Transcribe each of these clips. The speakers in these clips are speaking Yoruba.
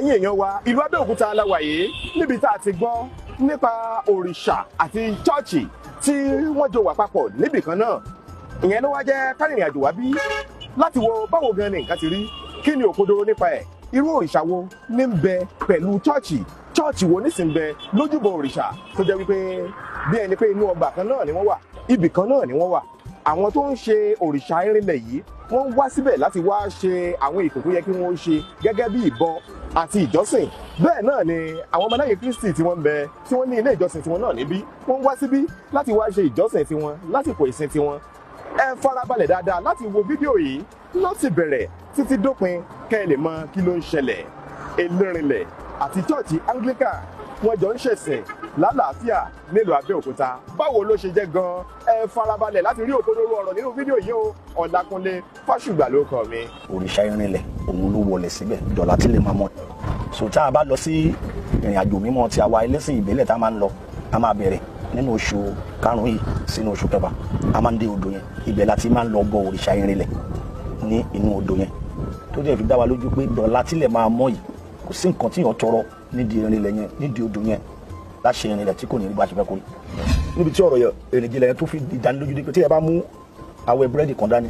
ẹ̀yin èèyàn wa ìlú Abẹ́òkúta aláwàyé níbi tá a ti gbọ́ nípa òrìṣà àti chọ́ọ̀chì tí wọ́n jọ wà papọ̀ níbì kan náà ìyẹn ló wá jẹ́ kárìnrìn àjò wá bí láti wo báwo gan ni nǹkan ti rí kí ni òkodoro nípa ẹ̀ irú òrìṣà wo ní ń bẹ pẹ̀lú chọ́ọ̀chì chọ́ọ̀chì wo ní sì ń bẹ lójúbọ òrìṣà tó jẹ́ wípé bí ẹni pé inú ọgbà kan náà ni wọ́n wà ibì kan náà ni wọ́n wà àwọn tó ń ṣe òrìṣà irinlẹ̀ yìí wọ́n wá síbẹ̀ láti wá ṣe àwọn ètò tó yẹ kí wọ́n ṣe gẹ́gẹ́ bí ìbọn àti ìjọsìn bẹ́ẹ̀ náà ni àwọn ọmọ lẹ́yìn Kristi tí wọ́n ń bẹ tí wọ́n ní ilé ìjọsìn tiwọn náà níbí wọ́n wá síbí láti wá ṣe ìjọsìn tiwọn lásìkò ìsìn tiwọn ẹ farabalẹ̀ dáadáa láti wo fídíò yìí láti bẹ̀rẹ̀ títí dópin kẹ́ mọ kí ló ń ṣẹlẹ̀ elérinlẹ̀ àti chọ́ọ̀chì wọ́n jọ ń ṣẹ̀ṣẹ̀ lálàáfíà nílùú Abẹ́òkúta báwo ló ṣe jẹ́ gan-an ẹ farabalẹ̀ láti rí òkodoro ọ̀rọ̀ nínú fídíò yìí o Ọlákúnlé Fásùgbà ló kọ mi. òrìṣà irinlẹ̀ òun ló wọlé síbẹ̀ dọ̀là tí lè máa mọ̀ so tá a bá lọ sí ìrìn àjò mímọ́ tí àwa ẹlẹ́sìn ìbílẹ̀ tá a máa ń lọ a máa bẹ̀rẹ̀ nínú oṣù karùn-ún yìí sínú oṣù kẹfà a máa ń dé odò yẹn ibẹ̀ la ti máa ń lọ bọ òrìṣà irinlẹ̀ ní inú odò yẹn kò sí nǹkan tíyàn tọrọ nídìí irin ilẹ̀ yẹn nídìí odò yẹn láṣẹ irin ilẹ̀ tí kò ní rí bá ṣe fẹ́ kórè níbi tí ọ̀rọ̀ èrìngì ilẹ̀ yẹn tó fi ìdánilójú dé pé tí ẹ bá mú awẹ búrẹ́dì kan dání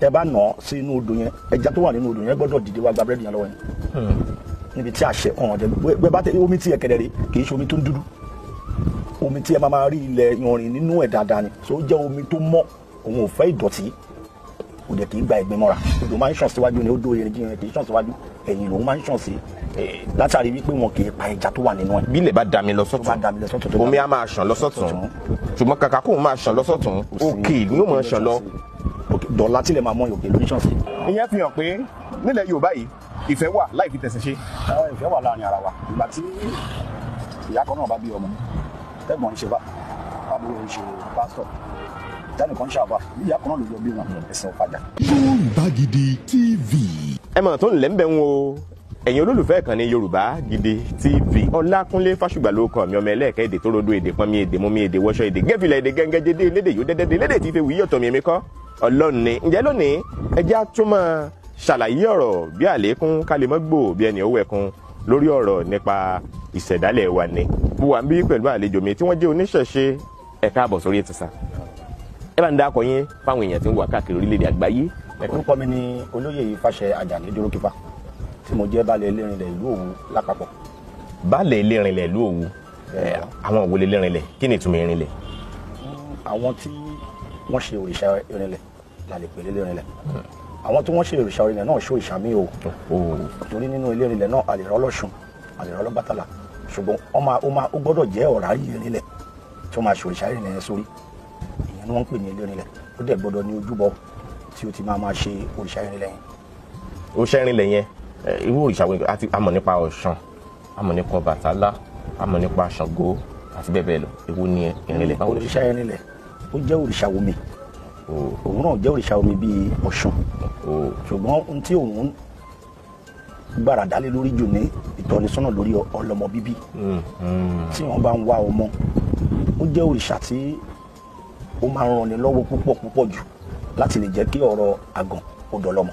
ẹ bá nà á sí inú odò yẹn ẹja tó wà nínú odò yẹn gbọ́dọ̀ dìde wá gba búrẹ́dì yẹn lọ́wọ́ yẹn hmm. níbi tí àṣẹ ọ̀hún ọ̀dẹ bẹ́ẹ̀ bá tẹ omi tí ẹ kẹ̀dẹ̀ rè kì í ṣe omi tó ń dúdú omi tí ẹ máa rí ilẹ̀ yanrìn nínú ẹ̀ dáadáa ni tó jẹ́ omi tó mọ́ òun ò fẹ́ ìdọ̀tí kò dẹ̀ kì í gba ẹ̀gbin mọ́ra odò máa ń ṣàn síwájú ni ó dó erin jíyan kì í ṣàn síwájú ẹ̀yìn lòún máa ń ṣàn sí látàrí wípé wọn kì í pa ẹja tó wà nínú ẹ̀. bí ilẹ̀ bá dami lọ sọ́tún omi á máa ṣàn lọ sọ́tún ṣùgbọ́n kàkà kóun máa ṣàn lọ sọ́tún òkè ni yóò máa ṣàn lọ. dọ̀la tilẹ̀ máa mọ òkè lórí ṣàn sí. ìyẹn fi hàn pé nílẹ̀ Yorùbá yìí ìfẹ́ wà láì fi tẹ̀sẹ̀ ṣe. ìfẹ́ wà láàrin ara wa ìgbà tí ìyá kan náà bá bí ọmọ tẹ́gbọ̀n ń ṣe bá àbúrò ń ṣe pásítọ̀ tẹnìkan ṣàbà ìyá kan náà ló jọ bí wọn ẹsẹ̀ ọ̀fadà. Yorùbá Gidi TV. ẹ mọ̀ tó ń lẹ́ ń bẹ̀ wọn o ẹ̀yin olólùfẹ́ ìkànnì yorùbá gidi tv ọlákúnlé fásùgbà ló kọ mi ọmọ ẹlẹ́ẹ̀kẹ́ èdè tó rodo èdè pọnmi èdè mọ́mi èdè wọ́ṣọ èdè gẹ́fìlà èdè gẹ́ngẹ́jẹdé elédè yóò dẹ́dẹ́dẹ́ elédè tí fi wíyí ọ̀tọ̀ mímí kọ́ ọlọ́run ni ǹjẹ́ lónìí ẹjẹ́ á tún máa ṣàlàyé ọ̀rọ̀ bí àlékún kálímọ́gbò bí ẹni owó ẹ̀kún lórí ọ̀rọ̀ nípa ìṣẹ̀dálẹ̀ wa ni mo wà ń bí pẹ̀lú àlejò mi tí wọ́n jẹ́ oníṣẹ̀ṣe ẹ̀ka àbọ̀ sórí ètùsà bá ń dákọ yín fáwọn èèyàn tí ń wà káàkiri orílẹ̀-èdè àgbáyé. orúkọ mi ni olóyè Ifáṣẹ Àjàní Dúrókìfà tí mo jẹ́ baálẹ̀ Ẹlẹ́rìnlẹ̀ ìlú Òwu lápapọ̀. baálẹ̀ Ẹlẹ́rìnlẹ̀ ìlú Òwu àwọn òwòlé lẹ́rìnlẹ̀ kí ni ìtumọ̀ ìrìnlẹ̀. àwọn tí wọ́n ṣe òrìṣà ìrìnlẹ̀ la lè pèlè lẹ́rìnlẹ̀ hmm. àwọn tí wọ́n ṣe òrìṣà ìrìnlẹ̀ náà ṣó ìṣàmì o oh. torí nínú ẹlẹ́rìnlẹ̀ náà àlè rọ́lọ́ṣun àlè rọ́lọ́bàtàlà ṣùgbọ́n ó gbọ́dọ̀ jẹ́ ọ̀rá ìrìnlẹ̀ tó máa ṣòrìṣà ìrìnlẹ̀ sórí ìyẹn ni wọ́n ń pè ní ilé onílẹ̀ ó dẹ̀ gbọ́dọ̀ ní ojúbọ tí ó ti máa máa ṣe òrìṣà ìrìnlẹ̀ yẹn. òrìṣà ìrìnlẹ̀ yẹn irú òrìṣà wo àti àmọ̀ nípa ọ̀ṣun àmọ̀ nípa bàtálá àmọ̀ nípa ṣàngó àti bẹ́ẹ̀ bẹ́ẹ̀ lọ èwo ni ìrìnlẹ̀ báwo òrìṣà ìrìnlẹ̀ ó jẹ́ òrìṣà omi òun náà jẹ́ òrìṣà omi bíi ọ̀ṣun ṣùgbọ́n ohun tí òun gbàràdá lé lórí jù ní ìtọ́nisọ́nà lórí ọlọ́mọ bíbí hmm, hmm. tí wọ́n bá ń wá ọmọ ó jẹ́ òrìṣà tí ó máa ń ranni lọ́wọ́ púpọ̀ púpọ̀ jù láti lè jẹ́ kí ọ̀rọ̀ àgàn ó dọlọ́mọ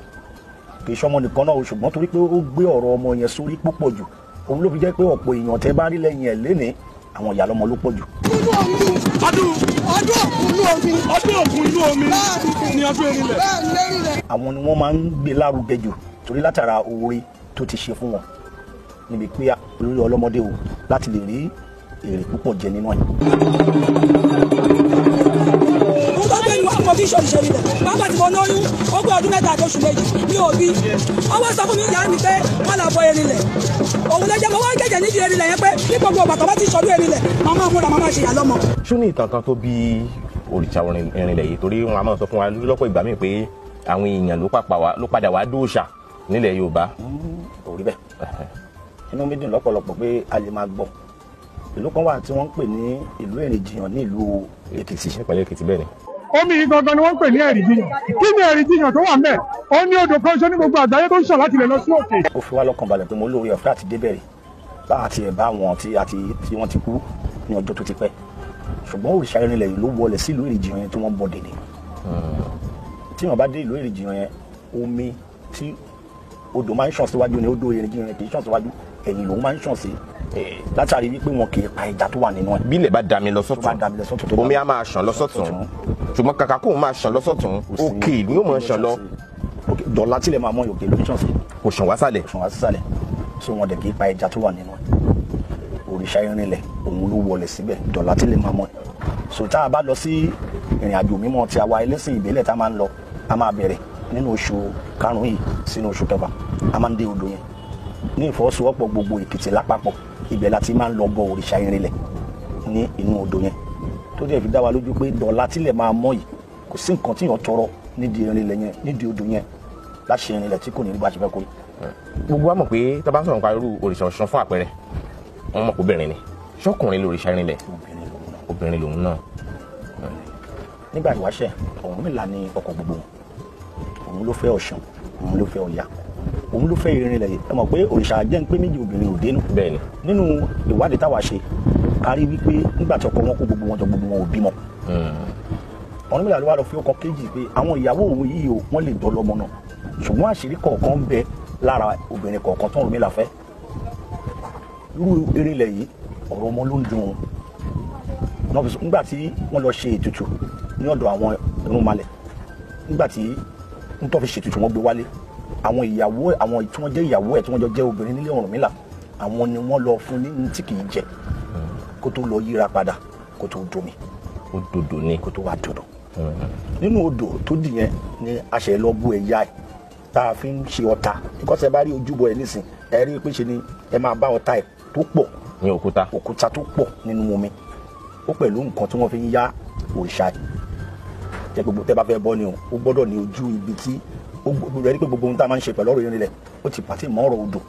kì í ṣọmọ nìkan náà o ṣùgbọ́n torí pé ó gbé ọ̀rọ̀ ọmọ yẹn sórí púpọ̀ jù òun ló fi jẹ́ pé ọ̀pọ̀ èèyàn tẹ́ bá rí lẹ́yìn ẹ̀ lénìí àwọn ìyá lọ́mọ ló pọ̀ jù. inú omi ọdún ọdún òkun inú omi ọdún òkun inú omi ni ọdún erilẹ̀. àwọn ni wọ́n máa ń gbé lárugẹ jù torí látara oore tó ti ṣe fún wọn níbi pé olórí ọlọ́mọdé o láti lè rí èrè púpọ̀ jẹ nínú ẹ̀ tí ìṣòro ìṣòro ilẹ̀ pápá tí mo lóyún ó pé ọdún mẹ́ta àti oṣù méjì ní òbí ọwọ́ sọ fún mi ìyá mi pé wọ́n là bọ erin lẹ̀ òun lè jẹ́ mo wá jẹ́jẹ́ nídìí erin lẹ̀ yẹn pé ní gbogbo ọ̀gbà tó ti ṣọdún erin lẹ̀ màmá múra màmá ṣe ìyá lọ́mọ. ṣó ní ìtàn kan tó bí òrìṣà erin lẹ̀ yìí torí wọn a máa sọ fún wa lọ́pọ̀ ìgbà míì pé àwọn èèyàn ló padà wá dóòṣà nílẹ̀ Yorùbá. kò bẹ́ẹ̀ inú mi dùn lọ́pọ̀lọpọ̀ pé a lè máa gbọ́ ìlú kan wà tí wọ́n ń pè ní ìlú Erinjiyàn ní ìlú Èkìtì omi yìí gangan ni wọ́n ń pè ní ẹ̀rí jiyàn kí ni ẹ̀rí jiyàn tó wà ń bẹ̀ ó ní odò kan ṣe ní gbogbo àgbáyé tó ń ṣàn láti lè lọ sí òkè. ó fi wá lọ́kàn balẹ̀ pé mo lóore ọ̀fẹ́ àti débẹ̀rẹ̀ láti ẹ̀ bá wọn tí wọ́n ti kú ní ọjọ́ tó ti pẹ́ ṣùgbọ́n òrìṣà ìrìnlẹ̀ yìí ló wọlé sí ìlú yẹn tí wọ́n bọ̀ dèdè tí wọ́n bá dé ìlú èrìjì yẹn omi tí odò máa ń ṣàn síwájú ni odò èrìjì yẹn kì í ṣàn síwájú ẹ̀yìn lòún máa ń ṣàn sí Eh, látàrí wípé wọn kì í pa ẹja tó wà nínú ẹ. bí ilẹ̀ bá dami lọ sọ́tún omi á máa ṣàn lọ sọ́tún ṣùgbọ́n kàkà kó máa ṣàn lọ sọ́tún òkè ni yóò máa ṣàn lọ. dọ̀là tilẹ̀ máa mọ òkè ló ṣàn sí. kò ṣàn wá sálẹ̀. kò ṣàn wá sálẹ̀ so wọn dẹ̀ kì í pa ẹja tó wà nínú ẹ. òrìṣà irinlẹ̀ òun ló wọlé síbẹ̀ dọ̀là tilẹ̀ máa mọ. so tá a bá lọ sí ìrìn àjò mímọ́ ti àwa ẹlẹ́sìn ìbílẹ̀ a máa ń lọ a máa bẹ̀rẹ̀ nínú oṣù karùn-ún yìí sínú oṣù kẹfà a máa ń dé odò yẹn ní ìfọwọ́sowọ́pọ̀ gbogbo Èkìtì lápapọ̀ ibẹ̀ la ti máa ń lọ bọ òrìṣà irinlẹ̀ ní inú odò yẹn tó dẹ̀ fi dá wa lójú pé dọ̀la tílẹ̀ máa mọ́ yìí kò sí nǹkan tí yàn tọrọ nídìí irinlẹ̀ yẹn nídìí odò yẹn láṣẹ irinlẹ̀ tí kò ní rí bá ṣe fẹ́ kó yìí. gbogbo wa mọ̀ pé tá a bá sọ̀rọ̀ nípa irú òrìṣà Ọ̀ṣun fún àpẹẹrẹ wọn mọ̀ kó obìnrin ni ṣọkùnrin lòrìṣà irinlẹ̀ obìnrin lòun náà. nígbà ìwáṣẹ̀ ọ̀rúnmìlà ni ọkọ gbogbo òun ló fẹ́ Ọ̀ṣun òun ló fẹ́ Ọya òun ló fẹ́ ìrìnlẹ̀ ẹ mọ̀ pé òrìṣà jẹ́ ń pé méjì obìnrin ò dénú. bẹ́ẹ̀ni. nínú ìwádìí táwa ṣe a rí wípé nígbà tí ọkọ wọn kó gbogbo wọn jọ gbogbo wọn ò bímọ. Hmm. ọ̀run mìíràn ló wá lọ fi ọkọ kejì pé àwọn ìyàwó òun yìí o wọ́n lè dọ́ lọ́mọ náà ṣùgbọ́n àṣírí kọ̀ọ̀kan ń bẹ lára obìnrin kọ̀ọ̀kan tó ń rúmi láfẹ́. irú ìrìnlẹ̀ yìí ọ̀rọ̀ ọmọ ló ń dùn ún. nígbà tí wọ́n lọ ṣe ètùtù ní ọ̀dọ̀ àwọn irúnmalẹ̀ nígbà tí ń tọ́ fi ṣètùtù wọn gbé wálé àwọn ìyàwó àwọn tí wọ́n jẹ́ ìyàwó ẹ̀ tí wọ́n jọ jẹ́ obìnrin nílé Ọ̀rúnmìlà àwọn ni wọ́n lọ fún ní tí kì í jẹ hmm. kó tó lọ yíra padà kó tó domi. ó ni kó tó wá dodo. Hmm. nínú odò tó dì yẹn ni a ṣe lọ bú ẹ̀yà ẹ̀ tá a fi ń ṣe ọ̀tá because ẹ bá rí ojúbọ ẹ̀ nísìn ẹ rí pé ṣe ni ẹ máa bá ọ̀tá ẹ̀ tó pọ̀ ní òkúta òkúta tó pọ̀ nínú omi ó pẹ̀lú nǹkan tí wọ́n fi ń yá òòṣà ẹ̀ jẹ́ gbogbo tẹ́ bá fẹ́ bọ́ ni o ó gbọ́dọ̀ ní ojú ibi tí gbogbo rẹ̀ ní pé gbogbo ohun tá a máa ń ṣe pẹ̀lú ọ̀rọ̀ yẹn nílẹ̀ ó ti pàtí mọ́ ọ̀rọ̀ odò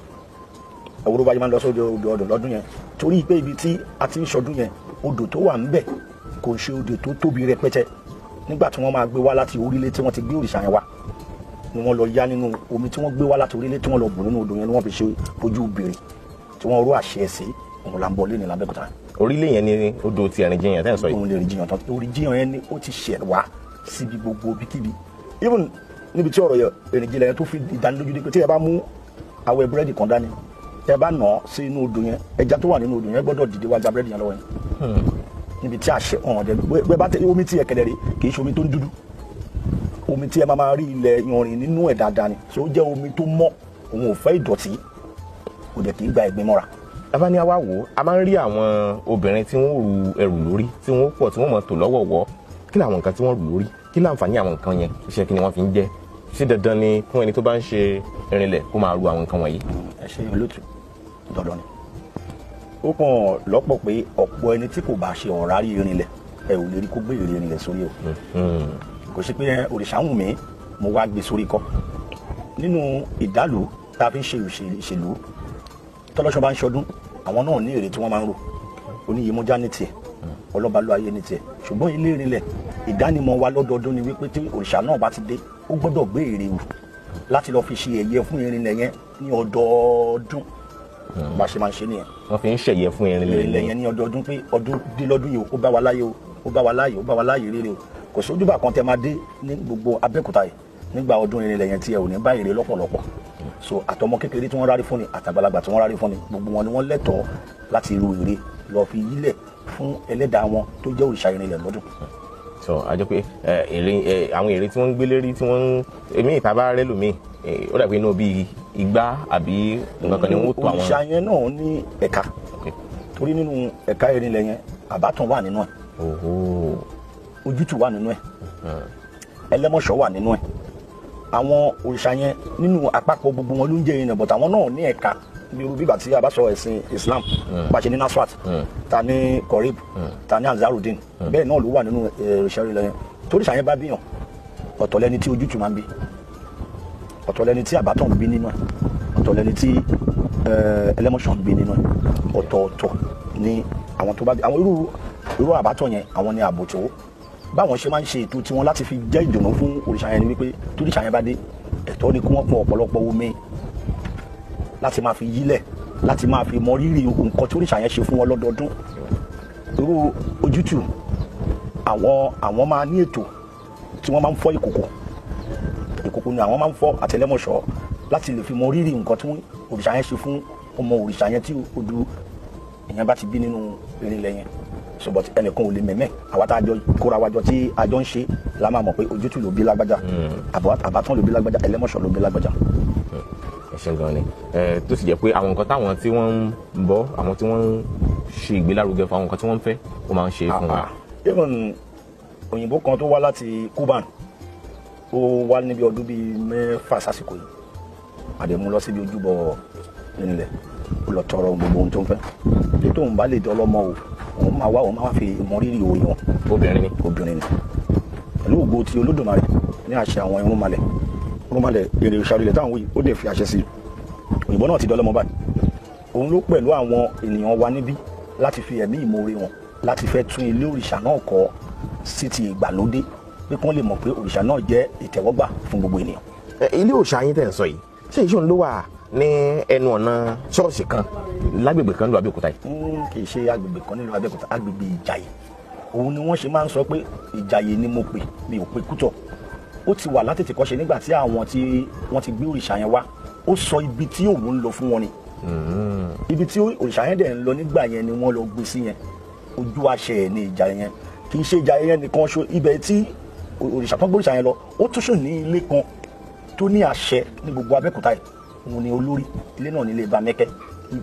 ẹ̀wòrò bá yẹn máa ń lọ sóde odò ọ̀dọ̀ lọ́dún yẹn torí pé ibi tí a ti ń ṣọdún yẹn odò tó wà ńbẹ̀ kò ṣe odò tó tóbi rẹpẹtẹ nígbà tí wọ́n máa gbé wá láti orílẹ̀ tí wọ́n ti gbé òrìṣà yẹn wá ni wọ́n lọ yá nínú omi tí wọ́n gbé wá láti orílẹ̀ tí wọ́n lọ bù nínú odò yẹn ni wọ́n fi ṣe ojú bèrè tí wọ́n rú àṣẹ sí òun là ń bọ lẹ́nu lábẹ́kúta. orílẹ̀ yẹn ni odò ti ẹ̀rìn jiyàn tẹ́ ń sọ yìí. òun lè rìn jiyàn tán orí jiyàn yẹn ni ó ti ṣẹ̀ wá síbi gbogbo bíkíbi even níbi tí ọ̀rọ̀ yẹ èrìn jìnlẹ̀ yẹn tó fi ìdánilójú dé pé tí ẹ bá mú àwẹ̀ búrẹ́dì kan dání tẹ bá nà á sí inú odò yẹn ẹja tó wà nínú odò yẹn gbọ́dọ̀ dìde wá gba búrẹ́dì yẹn lọ́wọ́ yẹn hmm. níbi tí àṣẹ ọ̀hún ọ̀dẹ bẹ́ẹ̀ bá tẹ omi tí ẹ kẹlẹ̀ rí kì í ṣe omi tó ń dúdú omi tí ẹ máa rí ilẹ̀ yanrìn nínú ẹ̀ dáadáa ni ṣé ó jẹ́ omi tó mọ́ òun ò fẹ́ ìdọ̀tí kò dẹ̀ kì í gba ẹ̀gbin mọ́ra. abáni awa wo a máa ń rí àwọn obìnrin tí wọ́n ru ẹrù lórí tí wọ́n pọ̀ tí wọ́n mọ̀ tò lọ́wọ̀wọ́ kí làwọn nǹkan tí wọ́n rù lórí kí láǹfààní àwọn nǹkan yẹn iṣẹ́ kí ni wọ́n fi ń jẹ́ ṣé dandan ni fún ẹni tó bá ń ṣe irinlẹ̀ kó máa ru àwọn nǹkan wọ̀nyí. ẹ ṣe olóòtú dandan ni ó kàn lọ́pọ̀ pé ọ̀pọ̀ ẹni tí kò bá ṣe ọ̀rárí irinlẹ̀ ẹ ò lè rí kó gbé ìrírí irinlẹ̀ sórí o hmm. kò sí pé òrìṣà wù mí mo wá gbé sórí kọ́ nínú ìdálò tá a fi ń ṣe ìṣèlú tọ́lọ́ṣọ́ bá ń ṣọdún àwọn náà ní èrè tí wọ́n máa ń rò oníyemọ́já ní tiẹ̀ ọlọ́balọ́ ayé ní tiẹ̀ ṣùgbọ́n ilé irinlẹ̀ ìdánimọ̀ wa lọ́dọọdún ni wípé tí òrìṣà náà bá ti dé ó gbọ́dọ̀ gbé ère wù láti lọ́ọ́ fi ṣe ẹ̀yẹ fún erin lẹ́yẹn ní ọdọọdún hmm. bá ṣe máa ń ṣe nìyẹn. wọ́n fi ń ṣẹ̀yẹ fún erin lẹ́yìn ní ọdọọdún pé ọdún dé lọ́dún yìí ó bá wa láyé o ó bá wa láyé ó bá wa láyé rere o kò sí ojúbà kan tẹ máa dé ní gbogbo Abẹ́òkúta yìí nígbà ọdún erin lẹ́yìn tí ẹ ò ní bá ère lọ́pọ̀lọpọ̀ so àtọmọ kékeré tí wọ́n rárí fún ni àtàgbàlagbà tí wọ́n rárí fún ni gbogbo wọn ni wọ́n lẹ́tọ̀ọ́ láti ru ère lọ́ọ́ fi yílẹ̀ fún ẹlẹ́dàá wọn tó jẹ́ òrìṣà irinlẹ̀ lọ́dún so a jẹ́ pé èrè àwọn èrè tí wọ́n ń gbé lérí tí wọ́n ń èmi ìta bá rẹ́ lòmíì ó dàbí inú bíi igbá àbí nǹkan kan ni wọ́n tó àwọn. òrìṣà yẹn náà ní ẹ̀ka torí nínú ẹ̀ka ìrìnlẹ̀ yẹn àbátan wà nínú ẹ̀ ojútùú wà nínú ẹ̀ ẹlẹ́mọ̀ṣọ́ wà nínú ẹ̀ àwọn òrìṣà yẹn nínú àpapọ̀ gbogbo wọn ló ń jẹ́ ìrìnà bọ̀tà àwọn náà ní ẹ̀ka irú bíbà tí a bá sọ ẹ̀sìn Islam bá ṣe ní Nasrat ta ní Korib ta ní Anzarudin bẹ́ẹ̀ náà ló wà nínú ìṣẹ́rí lẹ́yìn torí ṣàyẹn bá bíyàn ọ̀tọ̀ lẹni tí ojútùú máa ń bí ọ̀tọ̀ lẹni tí àbátan ń bí nínú ẹ̀ ọ̀tọ̀ lẹni tí e, ẹlẹ́mọ̀ṣàn ń bí nínú ẹ̀ ọ̀tọ̀ọ̀tọ̀ ni àwọn tó bá àwọn irú irú àbátan yẹn àwọn ni àbòtò báwọn ṣe máa ń ṣe ètò tiwọn láti fi jẹ́ ìdùnnú fún òrìṣà yẹn ni wípé torí ṣàyẹn bá dé ẹ̀tọ́ ni kí wọ́n pọn ọ̀pọ̀lọpọ̀ omi láti máa fi yílẹ̀ láti máa fi mọ rírì nǹkan tó oríṣà yẹn ṣe fún wọn lọ́dọọdún irú ojútù àwọn àwọn máa ní ètò tí wọ́n máa ń fọ́ ìkòkò ìkòkò ni àwọn máa ń fọ́ àtẹlẹ́mọ̀ṣọ́ láti lè fi mọ rírì nǹkan tí òrìṣà yẹn ṣe fún ọmọ òrìṣà yẹn tí odù ìyẹn bá ti bí nínú ìrìnlẹ̀ yẹn so ẹnìkan ò lè mẹ̀mẹ́ àwa tá a jọ kóra wa jọ tí a jọ ń ṣe la máa mọ̀ pé ojútùú ló bí lágbájá hmm. àbátán ló bí lágbájá ẹlẹ́mọ̀ṣọ́ ló bí lágbájá ṣe gan ni tó sì jẹ́ pé àwọn nǹkan táwọn tí wọ́n ń bọ́ àwọn tí wọ́n ń ṣe ìgbélárugẹ fún àwọn nǹkan tí wọ́n ń fẹ́ ó máa ń ṣe fún wa. Ah, ah. even òyìnbó kan tó wá láti Cuban ó wá níbi ọdún bíi mẹ́fà sásìkò yìí àdèmú lọ síbi ojúbọ nílẹ̀ ó lọ tọrọ gbogbo ohun tó ń fẹ́ bí tóun bá lè dọ́lọ́mọ o òun máa wá òun máa wá fi ìmọ̀rírì òyìn obìnrin ni obìnrin ni pẹ̀lú ògbó ti Olódùmarè ní àṣẹ àwọn irúnmalẹ̀ rúmọlẹ̀ èrè ìṣàròlẹ̀ táwọn wòye ó dẹ̀ fi àṣẹ sí i òyìnbó náà ti dọ́lọ́mọ báyìí òun ló pẹ̀lú àwọn ènìyàn wa níbí láti fi ẹ̀mí ìmoore wọn láti fẹ́ tún ilé òrìṣà náà kọ́ sí ti ìgbàlódé pé kí wọ́n lè mọ̀ pé òrìṣà náà jẹ́ ìtẹ́wọ́gbà fún gbogbo ènìyàn. ilé òòṣà yín tẹ̀ ń sọ yìí ṣé ìṣòro ló wà ní ẹnu ọ̀nà ṣọ́ọ̀ṣì kan lágbègbè kan nílùú Abẹ́òkúta yìí. kì í ṣe agbègbè kan nílùú Abẹ́òkúta agbègbè Ìjàyè òun ni wọ́n ṣe máa ń sọ pé Ìjàyè ni mo pè mi ò pe Kútọ̀ ó ti wà látètè kọ́ṣe nígbà tí àwọn tí wọ́n ti gbé òrìṣà yẹn wá ó sọ ibi tí òun ń lọ fún wọn ni hmm. ibi tí òrìṣà yẹn dẹ̀ ń lọ nígbà yẹn ni wọ́n lọ gbé sí yẹn ojú àṣẹ ẹ̀ ní ìjà yẹn kì í ṣe ìjà yẹn nìkan ṣo ibẹ̀ tí òrìṣà kan gbóríṣà yẹn lọ ó tún ṣò ní ilé kan tó ní àṣẹ ní gbogbo Abẹ́òkúta yìí òun ni olórí ilé náà nílé Bámẹ́kẹ́